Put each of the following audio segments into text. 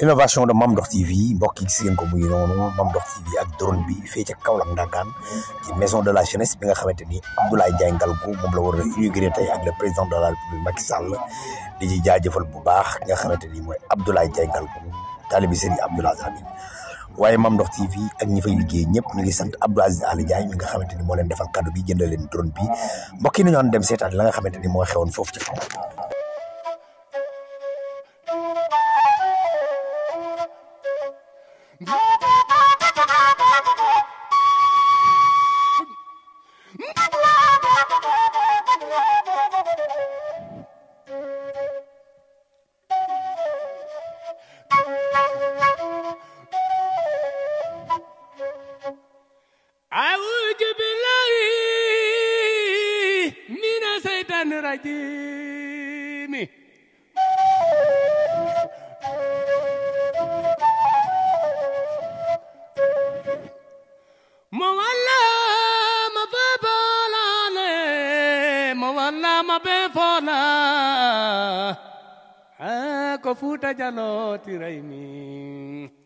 innovation de Mame Ndokh TV mbokk yi gis ngeen ko muy noonu Mame Ndokh TV ak drone bi fee ca Kaolack Ndangaan ci maison de la jeunesse bi nga xamante ni Abdoulaye Ndiaye Ngalgou moom la war a inauguré tey ak le président de la République Macky Sall di ci jaajëfal bu baax ki nga xamante ni mooy Abdoulaye Ndiaye Ngalgou taalibi Serigne Abdoul Aziz Amin waaye Mame Ndokh TV ak ñi fay liggéey ñëpp ñu ngi sant Abdoul Aziz Ali Ndiaye mi nga xamante ni moo leen defal cadeau bi jëndal leen drone bi mbokk yi nañu dem seetaan la nga xamante ni moo xewoon foofu ci Kaolack الرجيم مولا ما بابولا مولا ما بفولا حاكو فوتا جالوتي ريمي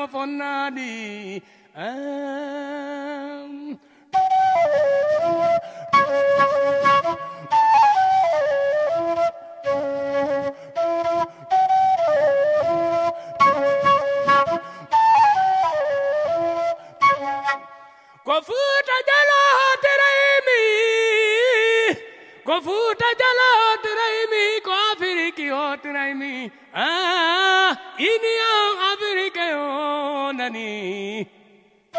وفنادي آم كفوت جلوت ريمي كفوت جلوت ريمي Afrikiotnaimi, ah, Indian Afrikaionani. Oh,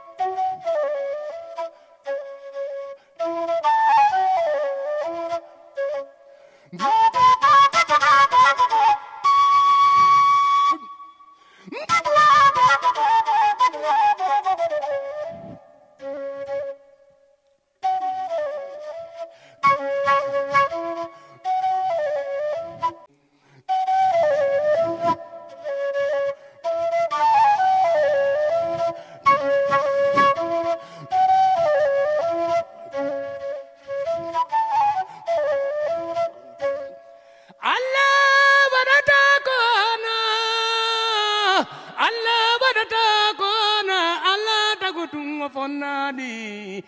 تكون على تكتم وفنادي